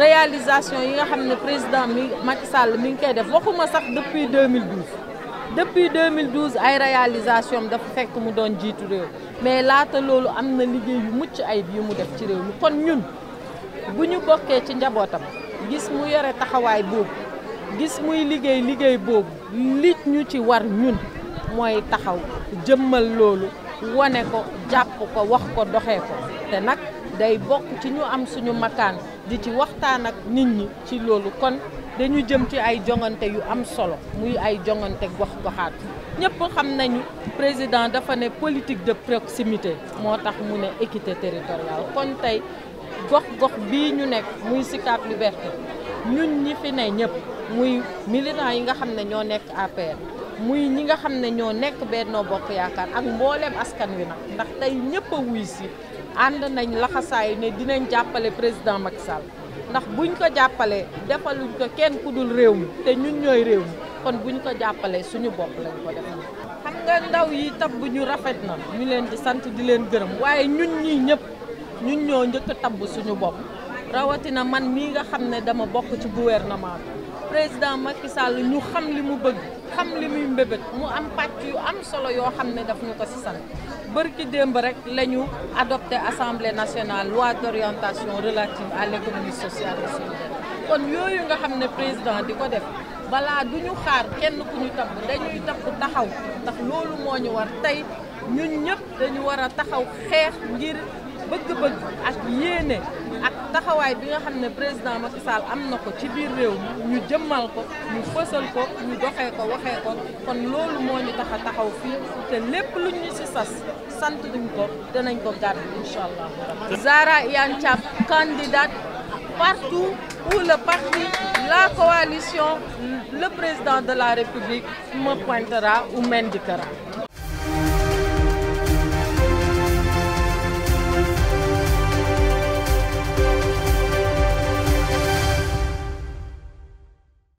réalisation yi nga xam ne président mi Macky Sall mi ngi koy def waxuma sax depuis 2012 depuis 2012 ay réalisation dafa fekk mu doon jiitu réew mais laata loolu am na liggéey yu mucc ayib yu mu def ci réew mi kon ñun bu ñu bokkee ci njabootam gis mu yore taxawaay boobu gis muy liggéey liggéey boobu li ñu ci war ñun mooy taxaw jëmmal loolu wane ko jàpp ko wax ko doxee ko te nag day bokk ci ñu am suñu makaan di ci waxtaan ak nit ñi ci loolu kon dañu jëm ci ay jongante yu am solo muy ay jongante gox-goxaat ñëpp xam nañu président dafa ne politique de proximité moo tax mu ne équité territoriale kon tey gox-gox bii ñu nekk muy Sicap Liberté ñun ñi fi ne ñëpp muy militants yi nga xam ne ñoo nekk APR muy ñi nga xam ne ñoo nekk Benno Bokk Yaakaar ak mbooleem askan wi nag ndax tey ñëpp a wuy si ànd nañ laxasaayu ne dinañ jàppale président Macky Sall ndax buñ ko jàppalee defaluñ ko kenn ku dul réew mi te ñun ñooy réew mi kon buñ ko jàppalee suñu bopp lañ ko def xam nga ndaw yi tab ñu rafet na ñu leen di sant di leen gërëm waaye ñun ñii ñëpp ñun ñoo njëkk a tabb suñu bopp rawatina man mii nga xam ne dama bokk ci gouvernement président Macky Sall ñu xam li mu bëgg xam li muy mbébét mu am pàcc yu am solo yoo xam ne daf ñu ko si sant bërki démb rek la ñu adopté assemblée nationale loi d'orientation relative à l'économie sociale et solidaire kon yooyu nga xam ne président di ko def balaa du ñu xaar kenn ku ñu tabb dañuy tabb taxaw ndax loolu moo ñu war tey ñun ñëpp dañu war a taxaw xeex ngir bëgg-bëgg ak yéene ak taxawaay bi nga xam ne président Macky Sall am na ko ci biir réew ñu jëmmal ko ñu fësal ko ñu doxee ko waxee ko kon loolu moo ñu tax taxaw fii te lépp lu ñu ci sas sant duñ ko danañ ko gàddu incha allah. Zahra Iyane Thiam candidate partout où le parti la coalition le président de la République me pointera ou m'indiquera.